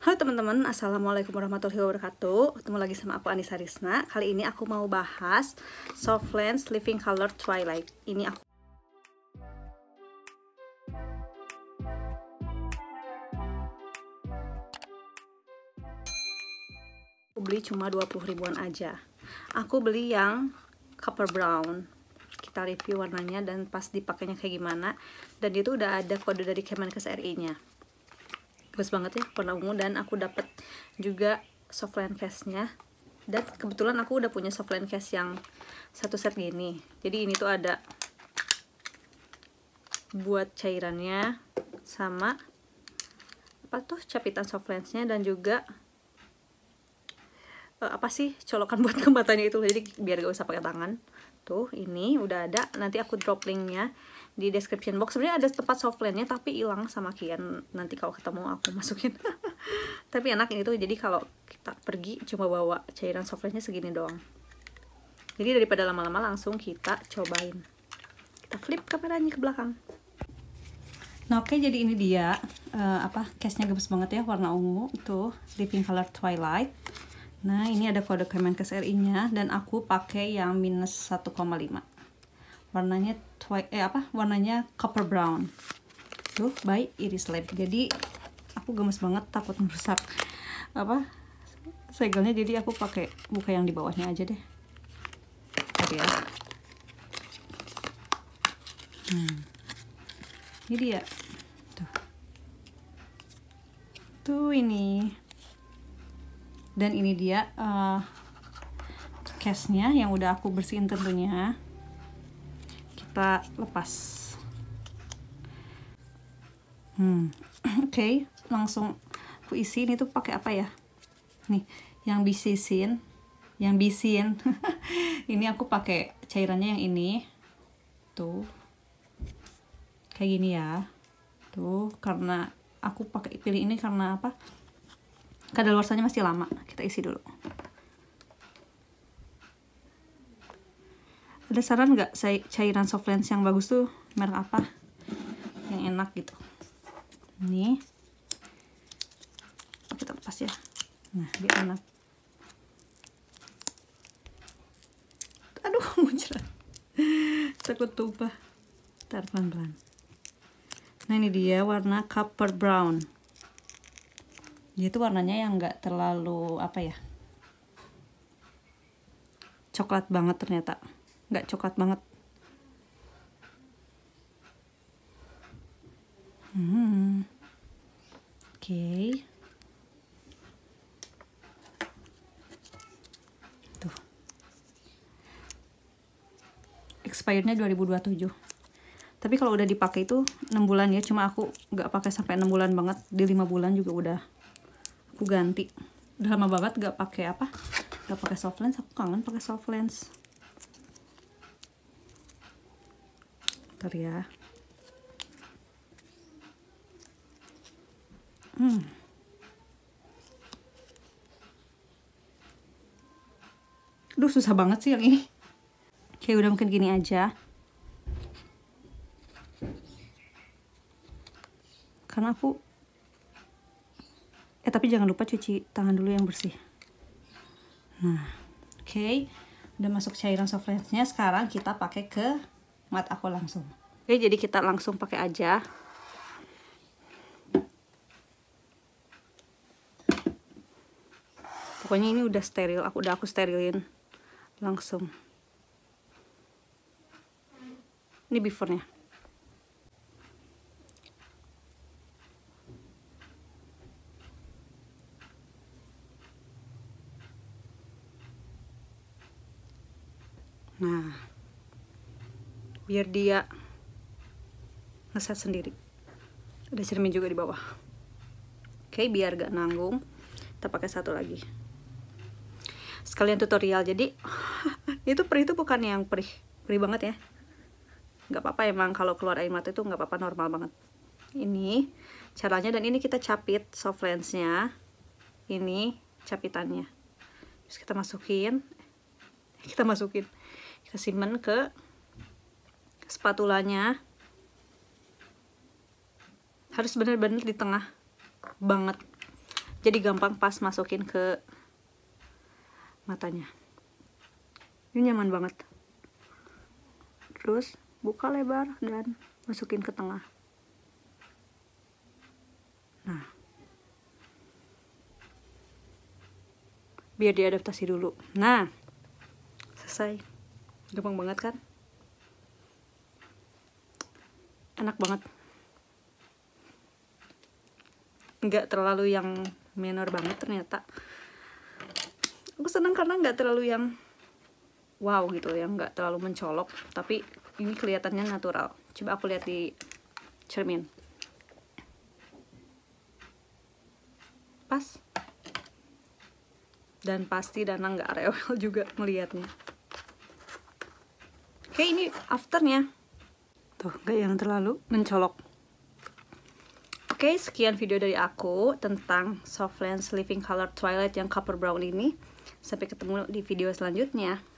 Halo teman-teman, Assalamualaikum warahmatullahi wabarakatuh Ketemu lagi sama aku Anissa Rizna Kali ini aku mau bahas Soft Lens Living Color Twilight Ini aku Aku beli cuma 20 ribuan aja Aku beli yang copper brown kita review warnanya dan pas dipakainya kayak gimana dan itu udah ada kode dari Kemenkes RI nya bagus banget ya warna ungu dan aku dapat juga softline case-nya dan kebetulan aku udah punya softline case yang satu set gini jadi ini tuh ada buat cairannya sama apa tuh capitan softlensnya dan juga uh, apa sih colokan buat ke matanya itu jadi biar gak usah pakai tangan tuh ini udah ada nanti aku drop linknya di description box sebenarnya ada tempat softlandnya tapi hilang sama kian nanti kalau ketemu aku masukin tapi enak ini tuh jadi kalau kita pergi cuma bawa cairan softlandnya segini doang jadi daripada lama-lama langsung kita cobain kita flip kameranya ke belakang nah oke okay, jadi ini dia uh, apa case-nya gemes banget ya warna ungu itu sleeping color twilight Nah, ini ada kode Kemenkes RI-nya dan aku pakai yang minus 1,5 warnanya twi eh apa warnanya copper brown tuh by Iris Lab jadi aku gemes banget takut merusak apa segelnya jadi aku pakai buka yang di bawahnya aja deh oke ya hmm. ini dia tuh tuh ini dan ini dia uh, case-nya yang udah aku bersihin tentunya kita lepas hmm. oke okay. langsung aku isi ini tuh pakai apa ya nih yang bisisin yang bisin ini aku pakai cairannya yang ini tuh kayak gini ya tuh karena aku pakai pilih ini karena apa kadaluarsanya masih lama kita isi dulu ada saran nggak cairan soft lens yang bagus tuh merek apa yang enak gitu ini kita lepas ya nah biar enak aduh muncrat takut tumpah ntar pelan-pelan nah ini dia warna copper brown dia tuh warnanya yang nggak terlalu apa ya coklat banget ternyata nggak coklat banget hmm oke okay. tuh expirednya 2027 tapi kalau udah dipakai itu 6 bulan ya cuma aku nggak pakai sampai 6 bulan banget di 5 bulan juga udah aku ganti udah lama banget nggak pakai apa nggak pakai soft lens aku kangen pakai soft lens bentar ya. Hmm. Duh susah banget sih yang ini. Oke udah mungkin gini aja. Karena aku Eh tapi jangan lupa cuci tangan dulu yang bersih. Nah, oke. Okay. Udah masuk cairan softlensnya. Sekarang kita pakai ke mat aku langsung oke jadi kita langsung pakai aja pokoknya ini udah steril aku udah aku sterilin langsung ini beforenya nah biar dia ngeset sendiri ada cermin juga di bawah oke biar gak nanggung kita pakai satu lagi sekalian tutorial jadi itu perih itu bukan yang perih perih banget ya nggak apa-apa emang kalau keluar air mata itu nggak apa-apa normal banget ini caranya dan ini kita capit soft lensnya ini capitannya terus kita masukin kita masukin kita simen ke spatulanya harus benar-benar di tengah banget jadi gampang pas masukin ke matanya ini nyaman banget terus buka lebar dan masukin ke tengah nah biar diadaptasi dulu nah selesai gampang banget kan enak banget nggak terlalu yang minor banget ternyata aku seneng karena nggak terlalu yang wow gitu yang nggak terlalu mencolok tapi ini kelihatannya natural coba aku lihat di cermin pas dan pasti Dana nggak rewel juga melihatnya oke ini afternya tuh nggak yang terlalu mencolok oke okay, sekian video dari aku tentang soft lens living color twilight yang copper brown ini sampai ketemu di video selanjutnya